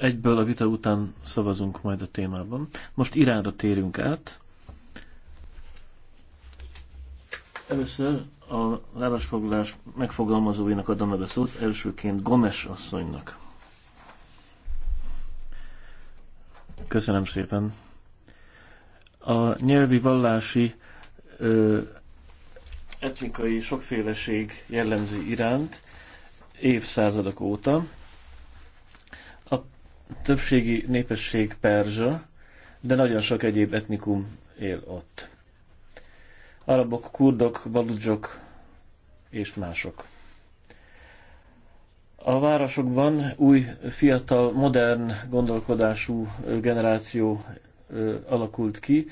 egyből a vita után szavazunk majd a témában. Most Iránra térünk át. Először a állásfoglalás megfogalmazóinak adom meg a szót, elsőként Gomes asszonynak. Köszönöm szépen. A nyelvi vallási ö, etnikai sokféleség jellemzi Iránt évszázadok óta többségi népesség perzsa, de nagyon sok egyéb etnikum él ott. Arabok, kurdok, baludzsok és mások. A városokban új, fiatal, modern gondolkodású generáció alakult ki,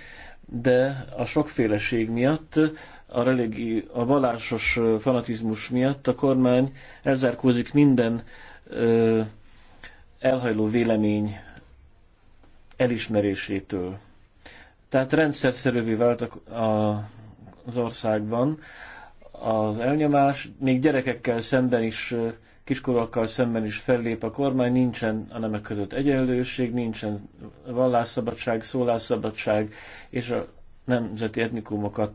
de a sokféleség miatt, a, religi, a vallásos fanatizmus miatt a kormány elzárkózik minden elhajló vélemény elismerésétől. Tehát rendszerszerűvé vált a, a, az országban az elnyomás, még gyerekekkel szemben is, kiskorokkal szemben is fellép a kormány, nincsen a nemek között egyenlőség, nincsen vallásszabadság, szólásszabadság, és a nemzeti etnikumokat,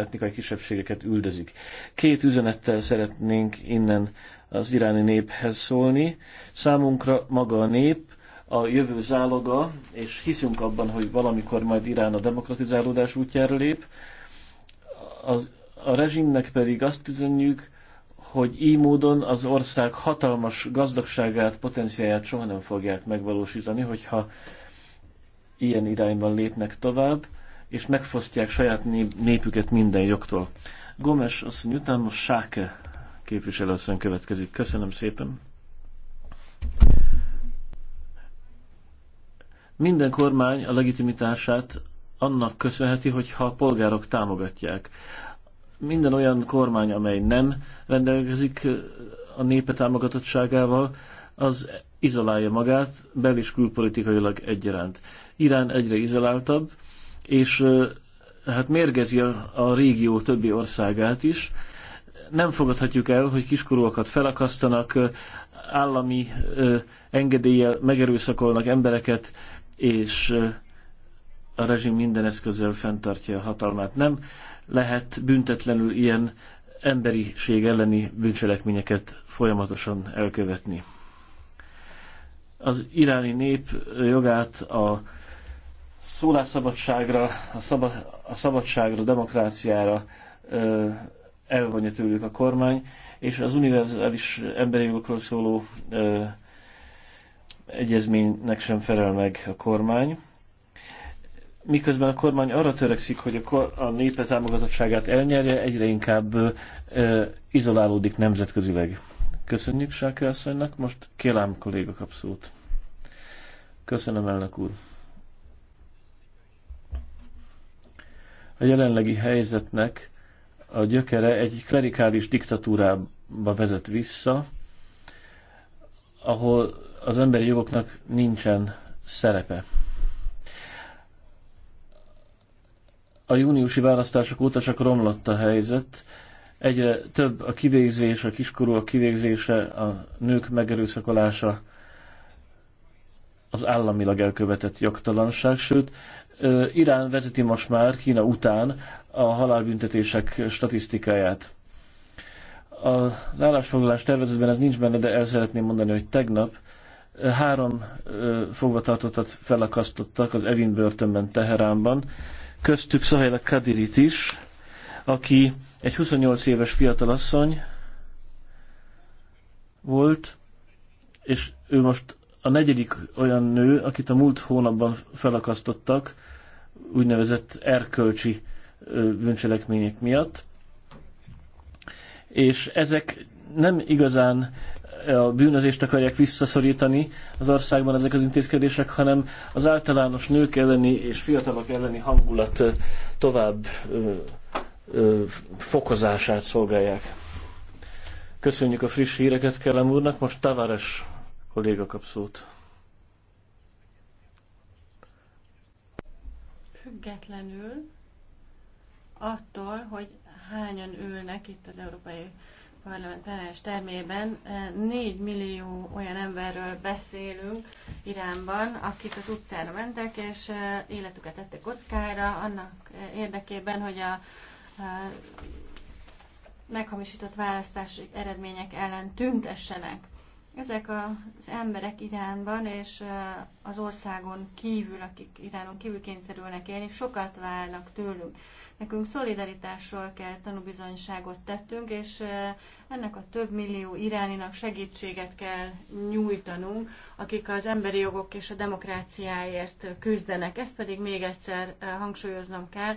etnikai kisebbségeket üldözik. Két üzenettel szeretnénk innen az iráni néphez szólni. Számunkra maga a nép, a jövő záloga, és hiszünk abban, hogy valamikor majd Irán a demokratizálódás útjára lép. Az, a rezsimnek pedig azt üzenjük, hogy így módon az ország hatalmas gazdagságát, potenciáját soha nem fogják megvalósítani, hogyha ilyen irányban lépnek tovább és megfosztják saját népüket minden jogtól. Gomes mondja, utána most Sáke képviselőasszony következik. Köszönöm szépen. Minden kormány a legitimitását annak köszönheti, hogyha a polgárok támogatják. Minden olyan kormány, amely nem rendelkezik a népe támogatottságával, az izolálja magát, bel- és külpolitikailag egyaránt. Irán egyre izoláltabb, és hát mérgezi a, a régió többi országát is. Nem fogadhatjuk el, hogy kiskorúakat felakasztanak, állami engedéllyel megerőszakolnak embereket, és a rezsim minden eszközzel fenntartja a hatalmát. Nem lehet büntetlenül ilyen emberiség elleni bűncselekményeket folyamatosan elkövetni. Az iráni nép jogát a szólásszabadságra, a, szab- a szabadságra, a demokráciára ö, elvonja tőlük a kormány, és az univerzális emberi jogokról szóló ö, egyezménynek sem felel meg a kormány. Miközben a kormány arra törekszik, hogy a, kor- a népe támogatottságát elnyerje, egyre inkább ö, izolálódik nemzetközileg. Köszönjük Sáke asszonynak, most Kélám kolléga kap szót. Köszönöm, elnök úr. a jelenlegi helyzetnek a gyökere egy klerikális diktatúrába vezet vissza, ahol az emberi jogoknak nincsen szerepe. A júniusi választások óta csak romlott a helyzet, egyre több a kivégzés, a kiskorúak kivégzése, a nők megerőszakolása, az államilag elkövetett jogtalanság, sőt, Irán vezeti most már Kína után a halálbüntetések statisztikáját. Az állásfoglalás tervezetben ez nincs benne, de el szeretném mondani, hogy tegnap három fogvatartottat felakasztottak az Evin börtönben Teheránban, köztük Szahela Kadirit is, aki egy 28 éves fiatalasszony volt, és ő most a negyedik olyan nő, akit a múlt hónapban felakasztottak úgynevezett erkölcsi bűncselekmények miatt, és ezek nem igazán a bűnözést akarják visszaszorítani az országban ezek az intézkedések, hanem az általános nők elleni és fiatalok elleni hangulat tovább ö, ö, fokozását szolgálják. Köszönjük a friss híreket Kellem úrnak, most Tavares kolléga kap szót. Függetlenül attól, hogy hányan ülnek itt az Európai Parlament plenáris termében, 4 eh, millió olyan emberről beszélünk Iránban, akik az utcára mentek, és eh, életüket tettek kockára annak eh, érdekében, hogy a meghamisított választási eredmények ellen tüntessenek. Ezek az emberek Iránban és az országon kívül, akik Iránon kívül kényszerülnek élni, sokat várnak tőlünk. Nekünk szolidaritásról kell tanúbizonyságot tettünk, és ennek a több millió iráninak segítséget kell nyújtanunk, akik az emberi jogok és a demokráciáért küzdenek. Ezt pedig még egyszer hangsúlyoznom kell,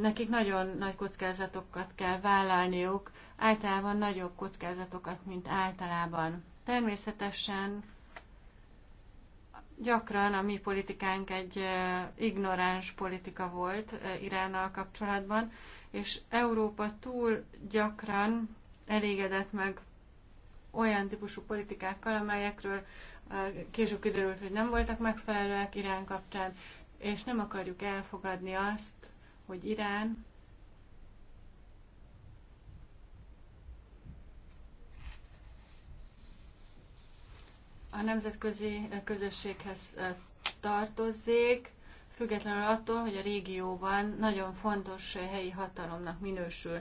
nekik nagyon nagy kockázatokat kell vállalniuk, általában nagyobb kockázatokat, mint általában. Természetesen gyakran a mi politikánk egy ignoráns politika volt Iránnal kapcsolatban, és Európa túl gyakran elégedett meg olyan típusú politikákkal, amelyekről később kiderült, hogy nem voltak megfelelőek Irán kapcsán, és nem akarjuk elfogadni azt, hogy Irán a nemzetközi eh, közösséghez eh, tartozzék, függetlenül attól, hogy a régióban nagyon fontos eh, helyi hatalomnak minősül.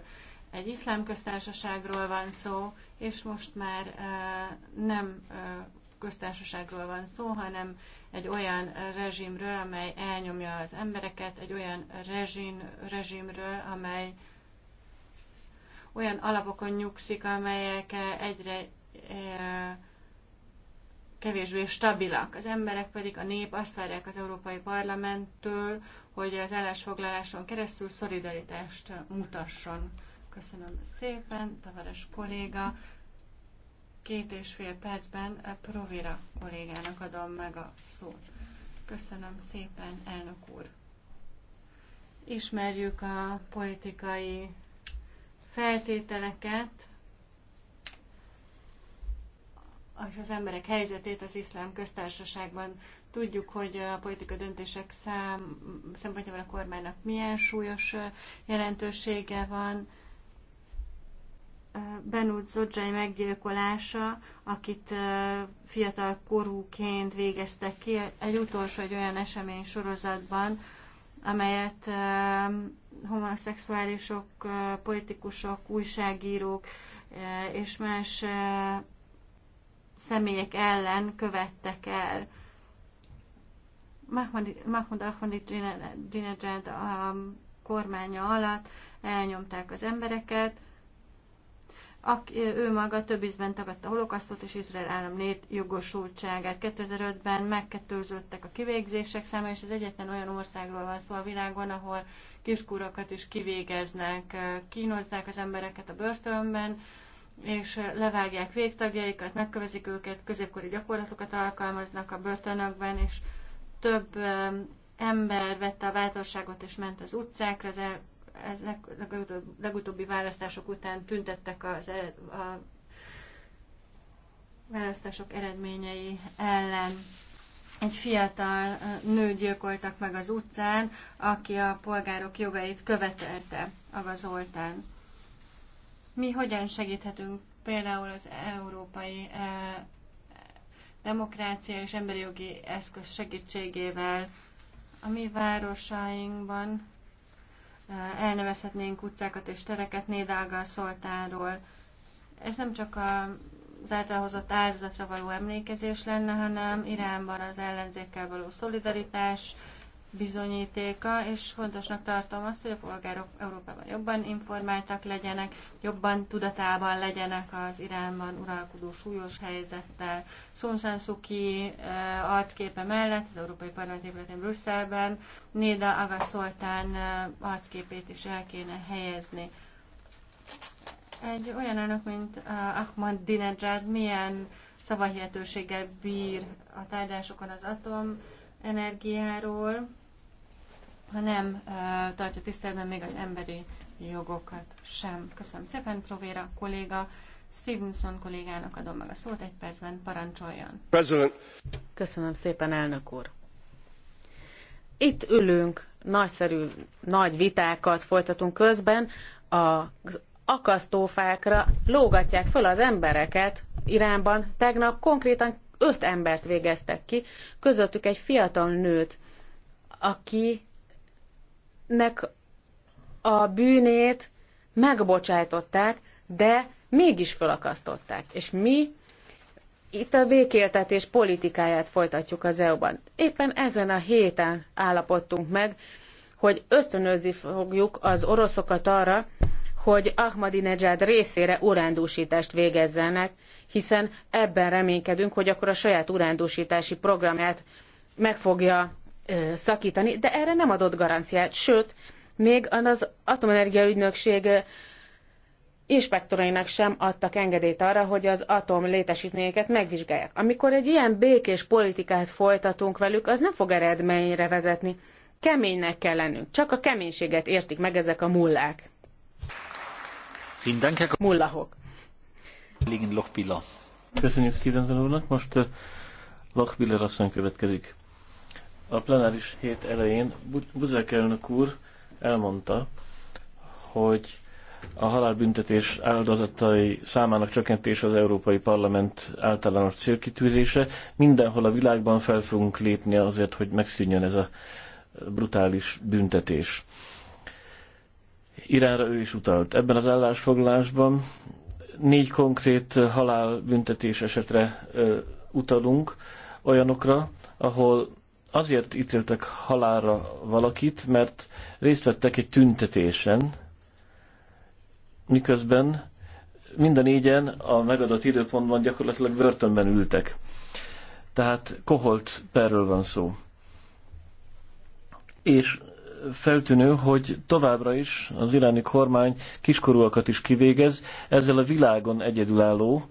Egy iszlám köztársaságról van szó, és most már nem köztársaságról van szó, hanem egy olyan rezsimről, amely elnyomja az embereket, egy olyan rezsim, rezsimről, amely olyan alapokon nyugszik, amelyek egyre kevésbé stabilak. Az emberek pedig, a nép azt várják az Európai Parlamenttől, hogy az állásfoglaláson keresztül szolidaritást mutasson. Köszönöm szépen, tavares kolléga. Két és fél percben a Provira kollégának adom meg a szót. Köszönöm szépen, elnök úr. Ismerjük a politikai feltételeket, és az emberek helyzetét az iszlám köztársaságban. Tudjuk, hogy a politika döntések szám, szempontjából a kormánynak milyen súlyos jelentősége van. Benut Zodzsai meggyilkolása, akit fiatal korúként végeztek ki, egy utolsó egy olyan esemény sorozatban, amelyet homoszexuálisok, politikusok, újságírók és más személyek ellen követtek el. Mahmoud Ahmadinejad a kormánya alatt elnyomták az embereket, Aki, ő maga több ízben tagadta a holokasztot és Izrael állam jogosultságát. 2005-ben megkettőzöttek a kivégzések száma, és az egyetlen olyan országról van szó a világon, ahol kiskúrakat is kivégeznek, kínozzák az embereket a börtönben, és levágják végtagjaikat, megkövezik őket, középkori gyakorlatokat alkalmaznak a börtönökben, és több ember vette a bátorságot és ment az utcákra, az el, ez legutóbbi választások után tüntettek az ered, a választások eredményei ellen. Egy fiatal nő gyilkoltak meg az utcán, aki a polgárok jogait követelte a gazoltán. Mi hogyan segíthetünk például az európai eh, demokrácia és emberi jogi eszköz segítségével a mi városainkban eh, elnevezhetnénk utcákat és tereket Nédálgal, Szoltáról. Ez nem csak az általhozott áldozatra való emlékezés lenne, hanem Iránban az ellenzékkel való szolidaritás, bizonyítéka, és fontosnak tartom azt, hogy a polgárok Európában jobban informáltak legyenek, jobban tudatában legyenek az Iránban uralkodó súlyos helyzettel. Sun San Suu eh, arcképe mellett az Európai Parlament épületén Brüsszelben Néda Aga Szoltán eh, arcképét is el kéne helyezni. Egy olyan elnök, mint eh, Ahmad Dinejad, milyen szavahihetőséggel bír a tárgyalásokon az atom energiáról ha nem tartja tiszteletben még az emberi jogokat sem. Köszönöm szépen, Provéra kolléga. Stevenson kollégának adom meg a szót, egy percben parancsoljon. President. Köszönöm szépen, elnök úr. Itt ülünk, nagyszerű, nagy vitákat folytatunk közben, a akasztófákra lógatják föl az embereket Iránban. Tegnap konkrétan öt embert végeztek ki, közöttük egy fiatal nőt, aki nek a bűnét megbocsájtották, de mégis felakasztották. És mi itt a békéltetés politikáját folytatjuk az EU-ban. Éppen ezen a héten állapodtunk meg, hogy ösztönözni fogjuk az oroszokat arra, hogy Ahmadinejad részére urándúsítást végezzenek, hiszen ebben reménykedünk, hogy akkor a saját urándúsítási programját meg fogja szakítani, de erre nem adott garanciát. Sőt, még az Atomenergia Ügynökség inspektorainak sem adtak engedélyt arra, hogy az atom létesítményeket megvizsgálják. Amikor egy ilyen békés politikát folytatunk velük, az nem fog eredményre vezetni. Keménynek kell lennünk. Csak a keménységet értik meg ezek a mullák. Mullahok. Köszönjük Stevenson úrnak. Most Lochbiller asszony következik a plenáris hét elején Buzek elnök úr elmondta, hogy a halálbüntetés áldozatai számának csökkentése az Európai Parlament általános célkitűzése. Mindenhol a világban fel fogunk lépni azért, hogy megszűnjön ez a brutális büntetés. Iránra ő is utalt. Ebben az állásfoglalásban négy konkrét halálbüntetés esetre utalunk, olyanokra, ahol azért ítéltek halálra valakit, mert részt vettek egy tüntetésen, miközben mind a négyen a megadott időpontban gyakorlatilag börtönben ültek. Tehát koholt perről van szó. És feltűnő, hogy továbbra is az iráni kormány kiskorúakat is kivégez, ezzel a világon egyedülálló,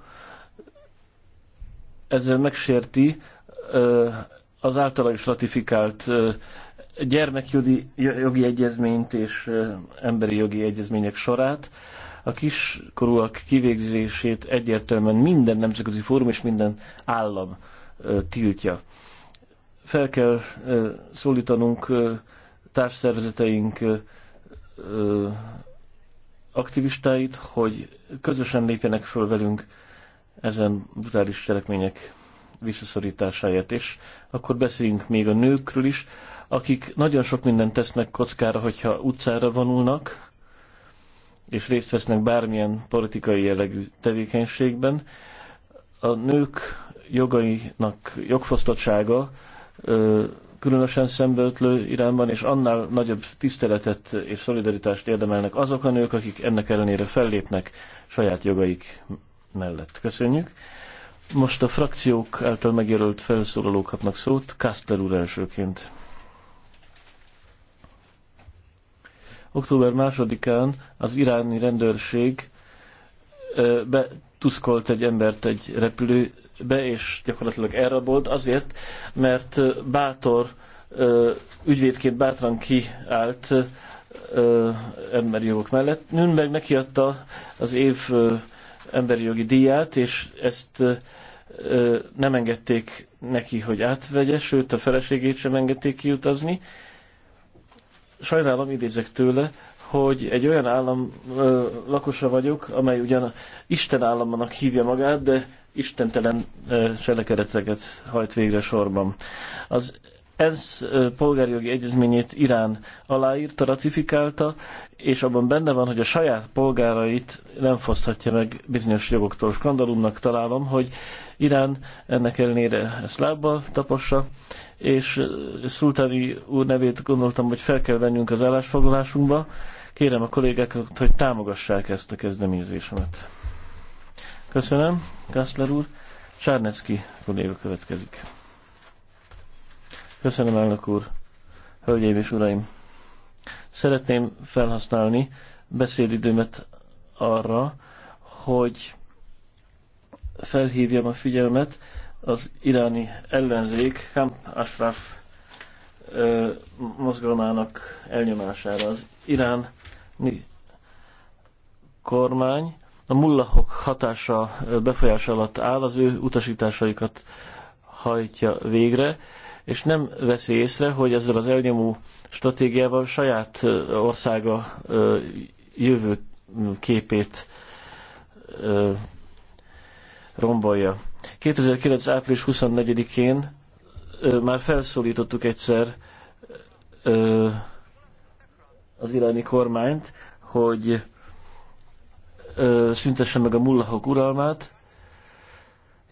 ezzel megsérti az általa is ratifikált gyermekjogi jogi egyezményt és emberi jogi egyezmények sorát. A kiskorúak kivégzését egyértelműen minden nemzetközi fórum és minden állam tiltja. Fel kell szólítanunk társszervezeteink aktivistáit, hogy közösen lépjenek föl velünk ezen brutális cselekmények visszaszorításáért, és akkor beszéljünk még a nőkről is, akik nagyon sok mindent tesznek kockára, hogyha utcára vonulnak, és részt vesznek bármilyen politikai jellegű tevékenységben. A nők jogainak jogfosztottsága különösen szembeötlő irányban, és annál nagyobb tiszteletet és szolidaritást érdemelnek azok a nők, akik ennek ellenére fellépnek saját jogaik mellett. Köszönjük! Most a frakciók által megjelölt felszólalók kapnak szót. Kastler úr elsőként. Október másodikán az iráni rendőrség betuszkolt egy embert egy repülőbe, és gyakorlatilag elrabolt azért, mert bátor ügyvédként bátran kiállt emberi jogok mellett. Nürnberg nekiadta az év emberi jogi díját, és ezt nem engedték neki, hogy átvegye, sőt a feleségét sem engedték kiutazni. Sajnálom, idézek tőle, hogy egy olyan állam ö, lakosa vagyok, amely ugyan Isten államnak hívja magát, de istentelen ö, cselekedeteket hajt végre sorban. Az ez polgári jogi egyezményét Irán aláírta, ratifikálta, és abban benne van, hogy a saját polgárait nem foszthatja meg bizonyos jogoktól. Skandalumnak találom, hogy Irán ennek ellenére ezt lábbal tapossa, és Szultáni úr nevét gondoltam, hogy fel kell vennünk az állásfoglalásunkba. Kérem a kollégákat, hogy támogassák ezt a kezdeményezésemet. Köszönöm, Kassler úr. Sárnecki kolléga következik. Köszönöm, elnök úr. Hölgyeim és uraim! Szeretném felhasználni beszélidőmet arra, hogy felhívjam a figyelmet az iráni ellenzék Kamp Ashraf ö, mozgalmának elnyomására. Az iráni kormány a mullahok hatása befolyás alatt áll, az ő utasításaikat hajtja végre és nem veszi észre, hogy ezzel az elnyomó stratégiával saját országa jövő képét rombolja. 2009. április 24-én már felszólítottuk egyszer az iráni kormányt, hogy szüntesse meg a mullahok uralmát,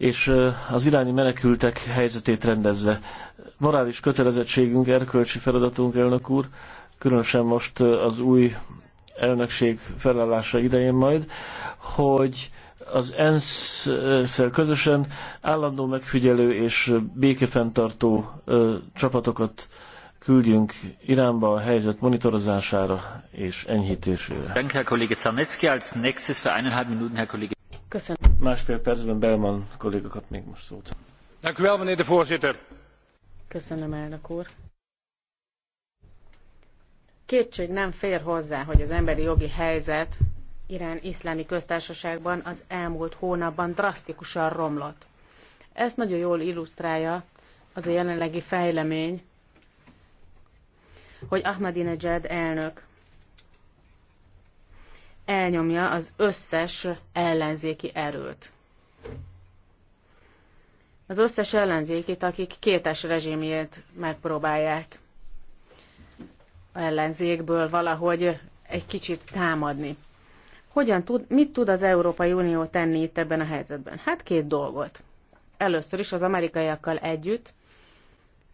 és az iráni menekültek helyzetét rendezze. Morális kötelezettségünk, erkölcsi feladatunk, elnök úr, különösen most az új elnökség felállása idején majd, hogy az ENSZ-szel közösen állandó megfigyelő és békefenntartó csapatokat küldjünk Iránba a helyzet monitorozására és enyhítésére. Köszönöm. Másfél percben Belman kolléga kap még most szót. Köszönöm, elnök úr. Kétség nem fér hozzá, hogy az emberi jogi helyzet Irán iszlámi köztársaságban az elmúlt hónapban drasztikusan romlott. Ezt nagyon jól illusztrálja az a jelenlegi fejlemény, hogy Ahmadinejad elnök elnyomja az összes ellenzéki erőt. Az összes ellenzékit, akik kétes rezsimjét megpróbálják ellenzékből valahogy egy kicsit támadni. Hogyan tud, mit tud az Európai Unió tenni itt ebben a helyzetben? Hát két dolgot. Először is az amerikaiakkal együtt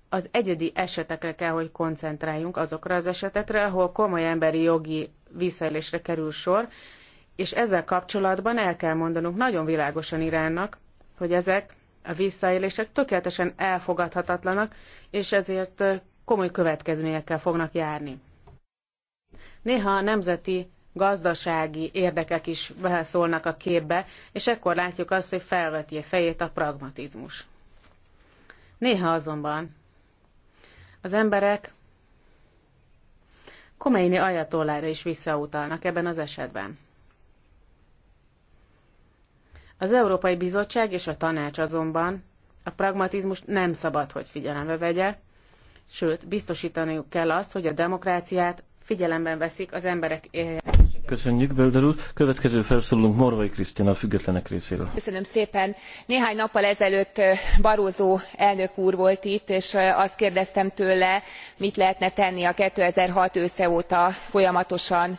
az egyedi esetekre kell, hogy koncentráljunk, azokra az esetekre, ahol komoly emberi jogi visszaélésre kerül sor, és ezzel kapcsolatban el kell mondanunk nagyon világosan Iránnak, hogy ezek a visszaélések tökéletesen elfogadhatatlanak, és ezért komoly következményekkel fognak járni. Néha a nemzeti gazdasági érdekek is beleszólnak a képbe, és ekkor látjuk azt, hogy felveti a fejét a pragmatizmus. Néha azonban az emberek Komeini ajatollára is visszautalnak ebben az esetben. Az Európai Bizottság és a Tanács azonban a pragmatizmust nem szabad, hogy figyelembe vegye, sőt, biztosítaniuk kell azt, hogy a demokráciát figyelemben veszik az emberek Köszönjük, Bölder úr. Következő felszólunk Morvai Krisztina a függetlenek részéről. Köszönöm szépen. Néhány nappal ezelőtt Barózó elnök úr volt itt, és azt kérdeztem tőle, mit lehetne tenni a 2006 ősze óta folyamatosan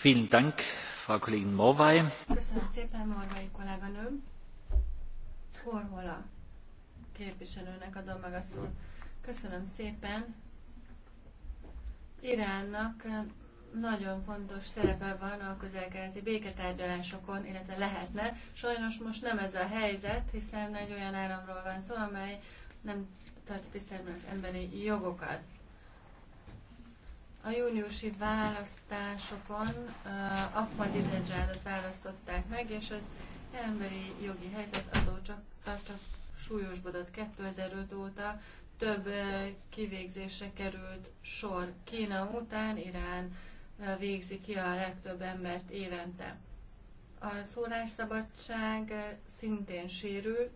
Köszönöm szépen, Morvai kolléganőm. Horhola képviselőnek adom meg a szót. Köszönöm szépen. Iránnak nagyon fontos szerepe van a közelkeleti béketárgyalásokon, illetve lehetne. Sajnos most nem ez a helyzet, hiszen egy olyan államról van szó, amely nem tartja tiszteletben az emberi jogokat. A júniusi választásokon uh, Ahmadinejadot választották meg, és az emberi jogi helyzet azóta csak, csak súlyosbodott 2005 óta, több uh, kivégzése került sor. Kína után Irán uh, végzi ki a legtöbb embert évente. A szólásszabadság szintén sérül,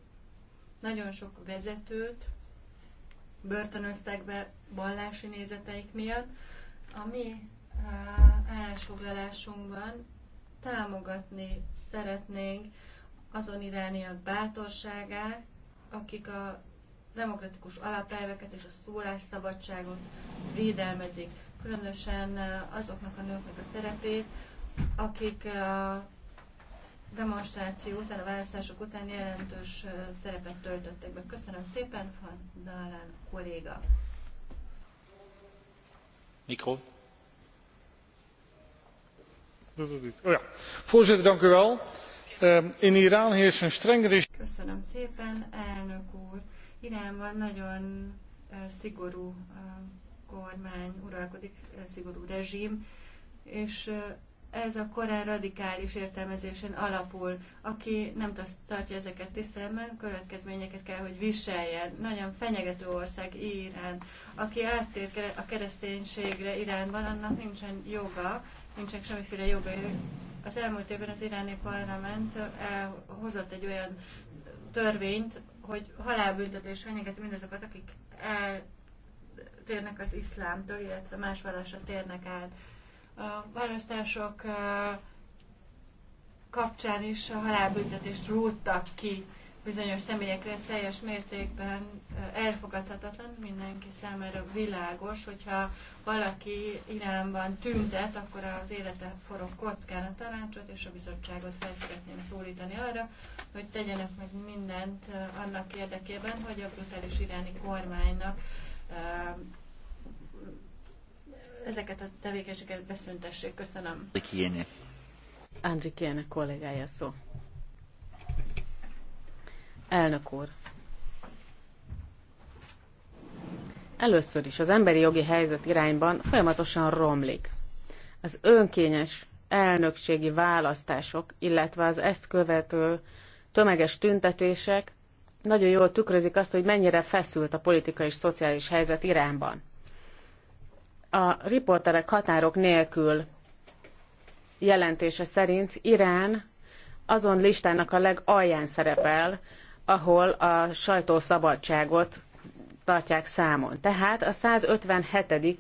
nagyon sok vezetőt börtönöztek be vallási nézeteik miatt, a mi állásfoglalásunkban támogatni szeretnénk azon irániak bátorságát, akik a demokratikus alapelveket és a szólásszabadságot védelmezik. Különösen azoknak a nőknek a szerepét, akik a demonstráció után, a választások után jelentős szerepet töltöttek be. Köszönöm szépen, Van Dalán kolléga. Oh ehm, in iran heerst een streng iránban nagyon eh, szigorú eh, kormány uralkodik, eh, szigorú rezsim, és ez a korán radikális értelmezésen alapul. Aki nem tartja ezeket tisztelemben, következményeket kell, hogy viseljen. Nagyon fenyegető ország Irán. Aki áttér a kereszténységre Iránban, annak nincsen joga, nincsen semmiféle joga. Az elmúlt évben az iráni parlament eh, hozott egy olyan törvényt, hogy halálbüntetés fenyegeti mindazokat, akik eltérnek az iszlámtól, illetve más vallásra térnek át a választások kapcsán is a halálbüntetést rúgtak ki bizonyos személyekre, ez teljes mértékben elfogadhatatlan, mindenki számára világos, hogyha valaki irányban tüntet, akkor az élete forog kockán a tanácsot, és a bizottságot fel szeretném szólítani arra, hogy tegyenek meg mindent annak érdekében, hogy a brutális iráni kormánynak ezeket a tevékenységeket beszüntessék. Köszönöm. Kiéne. Kéne, kollégája szó. Elnök úr. Először is az emberi jogi helyzet irányban folyamatosan romlik. Az önkényes elnökségi választások, illetve az ezt követő tömeges tüntetések nagyon jól tükrözik azt, hogy mennyire feszült a politikai és szociális helyzet Iránban. A riporterek határok nélkül jelentése szerint Irán azon listának a legalján szerepel, ahol a sajtószabadságot tartják számon. Tehát a 157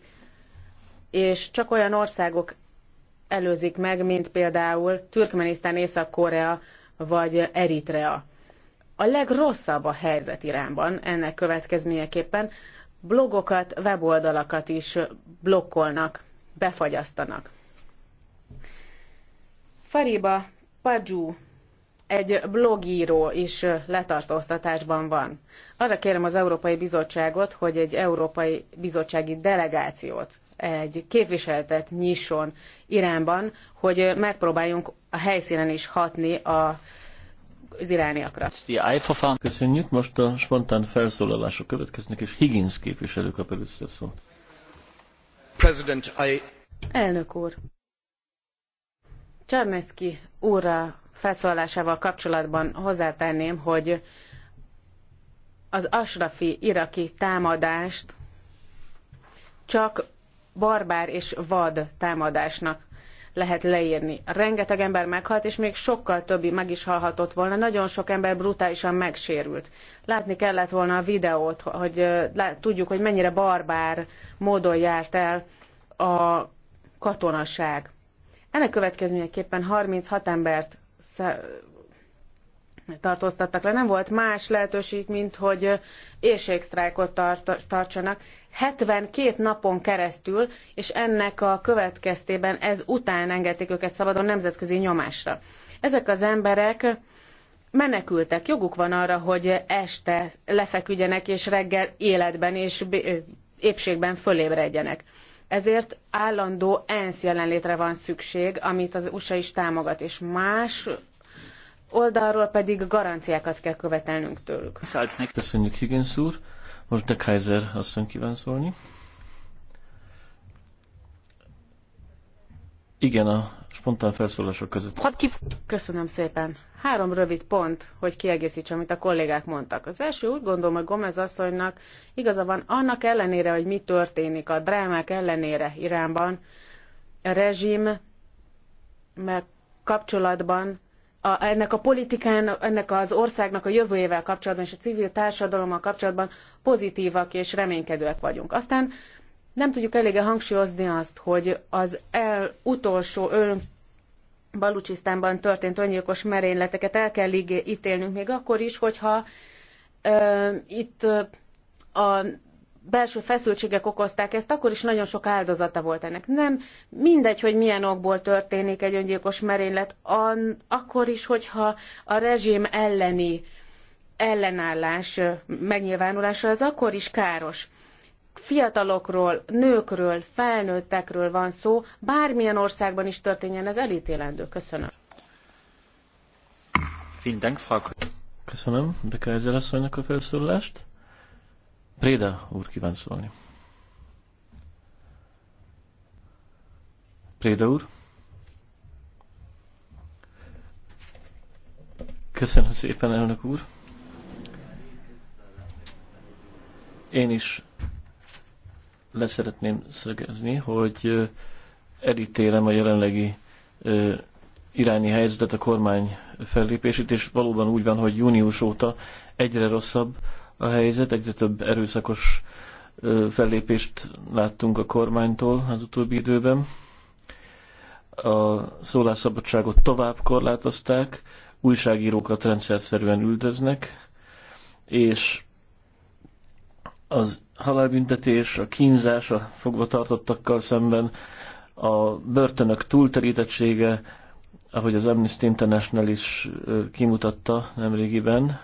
és csak olyan országok előzik meg, mint például Türkmenisztán, Észak-Korea vagy Eritrea. A legrosszabb a helyzet Iránban ennek következményeképpen blogokat, weboldalakat is blokkolnak, befagyasztanak. Fariba Pajú egy blogíró is letartóztatásban van. Arra kérem az Európai Bizottságot, hogy egy Európai Bizottsági delegációt, egy képviseletet nyisson Iránban, hogy megpróbáljunk a helyszínen is hatni a az irániakra. Köszönjük, most a spontán felszólalások következnek, és Higgins képviselő kap először szót. President, I... Elnök úr, Csarneszki úrra felszólalásával kapcsolatban hozzátenném, hogy az asrafi iraki támadást csak barbár és vad támadásnak lehet leírni. Rengeteg ember meghalt, és még sokkal többi meg is halhatott volna. Nagyon sok ember brutálisan megsérült. Látni kellett volna a videót, hogy tudjuk, hogy mennyire barbár módon járt el a katonaság. Ennek következményeképpen 36 embert tartóztattak le. Nem volt más lehetőség, mint hogy éjségsztrájkot tart, tartsanak 72 napon keresztül, és ennek a következtében ez után engedték őket szabadon nemzetközi nyomásra. Ezek az emberek menekültek, joguk van arra, hogy este lefeküdjenek, és reggel életben és épségben fölébredjenek. Ezért állandó ENSZ jelenlétre van szükség, amit az USA is támogat, és más oldalról pedig garanciákat kell követelnünk tőlük. Köszönjük Higgins úr. Most de Kaiser asszony kíván szólni. Igen, a spontán felszólások között. Köszönöm szépen. Három rövid pont, hogy kiegészítsem, amit a kollégák mondtak. Az első úgy gondolom, hogy Gomez asszonynak igaza van, annak ellenére, hogy mi történik, a drámák ellenére Iránban, a rezsim mert kapcsolatban a, ennek a politikán, ennek az országnak a jövőjével kapcsolatban és a civil társadalommal kapcsolatban pozitívak és reménykedőek vagyunk. Aztán nem tudjuk eléggé hangsúlyozni azt, hogy az el utolsó ön Balucsisztánban történt öngyilkos merényleteket el kell ítélnünk még akkor is, hogyha ö, itt ö, a belső feszültségek okozták ezt, akkor is nagyon sok áldozata volt ennek. Nem mindegy, hogy milyen okból történik egy öngyilkos merénylet, an, akkor is, hogyha a rezsim elleni ellenállás megnyilvánulása, az akkor is káros. Fiatalokról, nőkről, felnőttekről van szó, bármilyen országban is történjen ez elítélendő. Köszönöm. Vielen Dank, Frau Köszönöm, de Kaiser asszonynak a felszólalást. Préda úr kíván szólni. Préda úr. Köszönöm szépen, elnök úr. Én is leszeretném szögezni, hogy elítélem a jelenlegi irányi helyzetet, a kormány fellépését, és valóban úgy van, hogy június óta egyre rosszabb a helyzet, egyre több erőszakos fellépést láttunk a kormánytól az utóbbi időben. A szólásszabadságot tovább korlátozták, újságírókat rendszerszerűen üldöznek, és az halálbüntetés, a kínzás a fogvatartottakkal szemben, a börtönök túlterítettsége, ahogy az Amnesty International is kimutatta nemrégiben,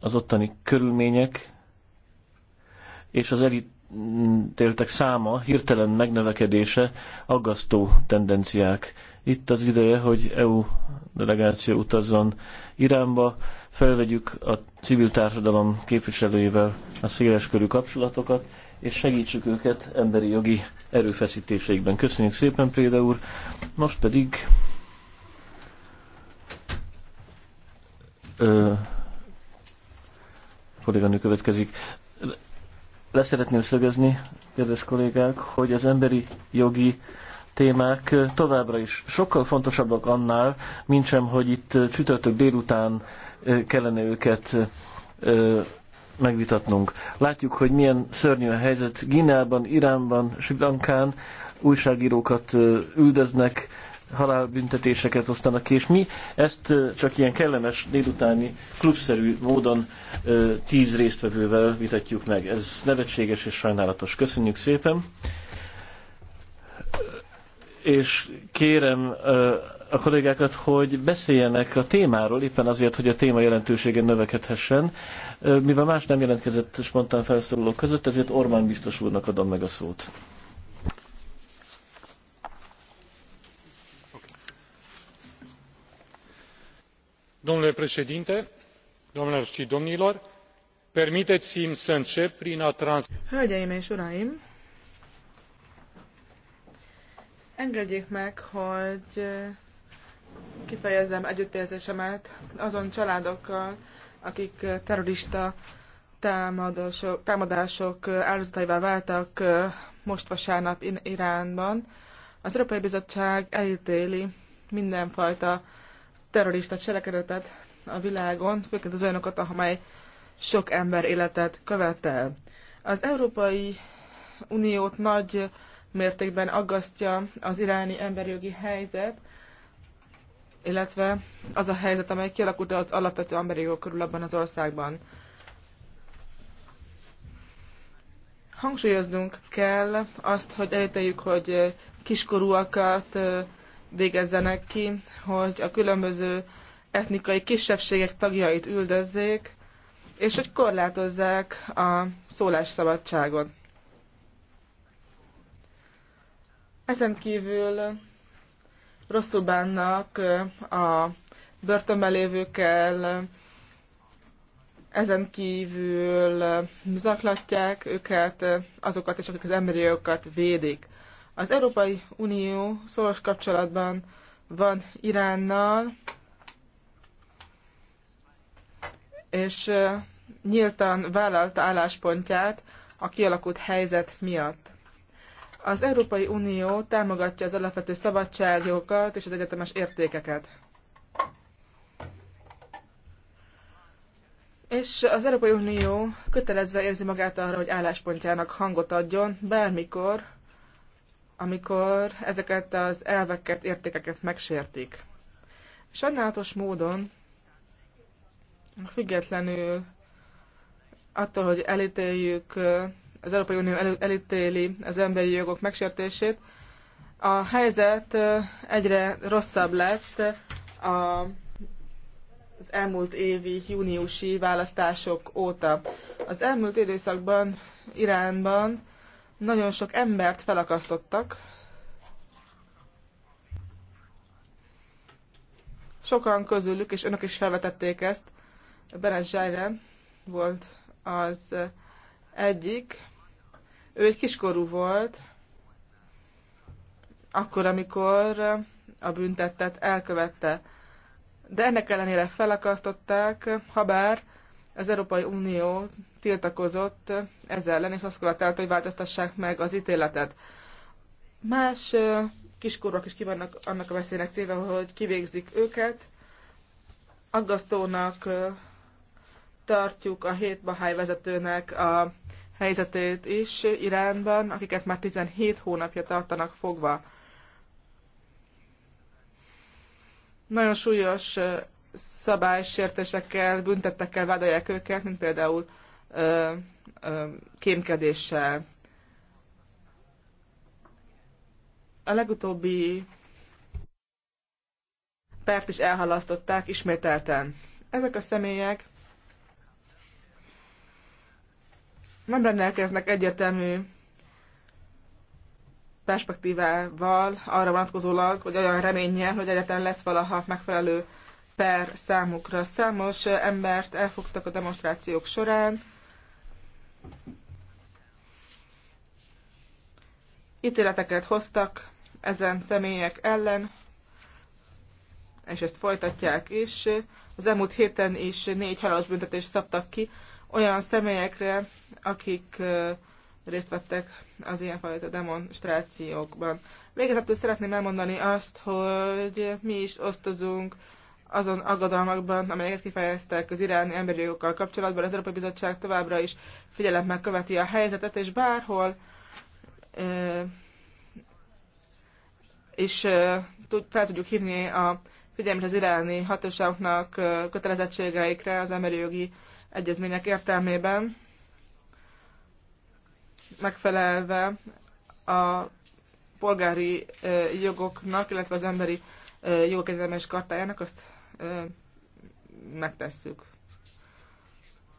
az ottani körülmények és az elítéltek száma, hirtelen megnövekedése aggasztó tendenciák. Itt az ideje, hogy EU delegáció utazzon Iránba, felvegyük a civil társadalom képviselőivel a széles körű kapcsolatokat, és segítsük őket emberi jogi erőfeszítéseikben. Köszönjük szépen, Préde úr! Most pedig ö, kolléganő következik. Leszeretném szögezni, kedves kollégák, hogy az emberi jogi témák továbbra is sokkal fontosabbak annál, mint sem, hogy itt csütörtök délután kellene őket megvitatnunk. Látjuk, hogy milyen szörnyű a helyzet Gineában, Iránban, Sri Lankán, újságírókat üldöznek, halálbüntetéseket osztanak ki, és mi ezt csak ilyen kellemes délutáni klubszerű módon tíz résztvevővel vitatjuk meg. Ez nevetséges és sajnálatos. Köszönjük szépen! És kérem a kollégákat, hogy beszéljenek a témáról, éppen azért, hogy a téma jelentősége növekedhessen. Mivel más nem jelentkezett spontán felszólalók között, ezért Orbán biztos úrnak adom meg a szót. permitei mi să încep prin a transmite engedjék meg hogy eh, kifejezzem együttérzésemet azon családokkal akik eh, terrorista támadások, támadások eh, áldozataivá váltak most vasárnap Iránban. Az Európai Bizottság elítéli mindenfajta terrorista cselekedetet a világon, főként az olyanokat, amely sok ember életet követel. Az Európai Uniót nagy mértékben aggasztja az iráni emberjogi helyzet, illetve az a helyzet, amely kialakult az alapvető emberi jogok körül abban az országban. Hangsúlyoznunk kell azt, hogy elítéljük, hogy kiskorúakat végezzenek ki, hogy a különböző etnikai kisebbségek tagjait üldözzék, és hogy korlátozzák a szólásszabadságot. Ezen kívül rosszul bánnak a börtönben lévőkkel, ezen kívül zaklatják őket, azokat és akik az emberi jogokat védik. Az Európai Unió szoros kapcsolatban van Iránnal, és nyíltan vállalta álláspontját a kialakult helyzet miatt. Az Európai Unió támogatja az alapvető szabadságjogokat és az egyetemes értékeket. És az Európai Unió kötelezve érzi magát arra, hogy álláspontjának hangot adjon bármikor, amikor ezeket az elveket, értékeket megsértik. Sajnálatos módon, függetlenül attól, hogy elítéljük, az Európai Unió elítéli az emberi jogok megsértését, a helyzet egyre rosszabb lett a, az elmúlt évi júniusi választások óta. Az elmúlt időszakban Iránban nagyon sok embert felakasztottak. Sokan közülük, és önök is felvetették ezt, Benes Zsájren volt az egyik. Ő egy kiskorú volt, akkor, amikor a büntettet elkövette. De ennek ellenére felakasztották, habár az Európai Unió tiltakozott ezzel ellen, és azt követelte, hogy változtassák meg az ítéletet. Más kiskorúak is kivannak annak a veszélynek téve, hogy kivégzik őket. Aggasztónak tartjuk a hét Bahály vezetőnek a helyzetét is Iránban, akiket már 17 hónapja tartanak fogva. Nagyon súlyos szabálysértésekkel, büntettekkel vádolják őket, mint például ö, ö, kémkedéssel. A legutóbbi pert is elhalasztották ismételten. Ezek a személyek nem rendelkeznek egyetemű perspektívával arra vonatkozólag, hogy olyan reménye, hogy egyetlen lesz valaha megfelelő per számukra. Számos embert elfogtak a demonstrációk során, Ítéleteket hoztak ezen személyek ellen, és ezt folytatják is. Az elmúlt héten is négy halálos büntetést szabtak ki olyan személyekre, akik részt vettek az ilyenfajta demonstrációkban. Végezetül szeretném elmondani azt, hogy mi is osztozunk azon aggodalmakban, amelyeket kifejeztek az iráni emberi jogokkal kapcsolatban. Az Európai Bizottság továbbra is figyelemmel követi a helyzetet, és bárhol is és fel tudjuk hívni a figyelmet az iráni hatóságoknak kötelezettségeikre az emberi jogi egyezmények értelmében, megfelelve a polgári jogoknak, illetve az emberi jogok egyetemes kartájának, azt megtesszük.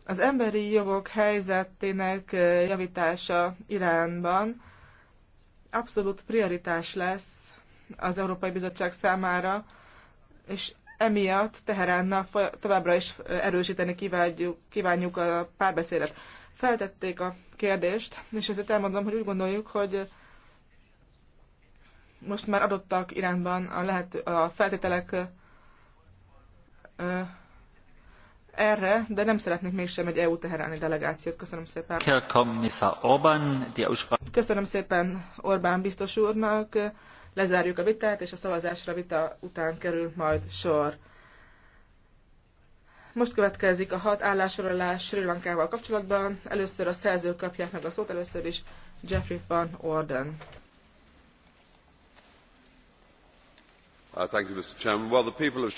Az emberi jogok helyzetének javítása Iránban abszolút prioritás lesz az Európai Bizottság számára, és emiatt Teheránnal továbbra is erősíteni kívánjuk, kívánjuk a párbeszédet. Feltették a kérdést, és ezért elmondom, hogy úgy gondoljuk, hogy most már adottak irányban a, lehet, a feltételek uh, erre, de nem szeretnék mégsem egy EU-teheráni delegációt. Köszönöm szépen. Köszönöm szépen Orbán biztos úrnak. Lezárjuk a vitát, és a szavazásra vita után kerül majd sor. Most következik a hat állásorolás Sri Lankával kapcsolatban. Először a szerzők kapják meg a szót, először is Jeffrey Van Orden. Uh, mr president the people of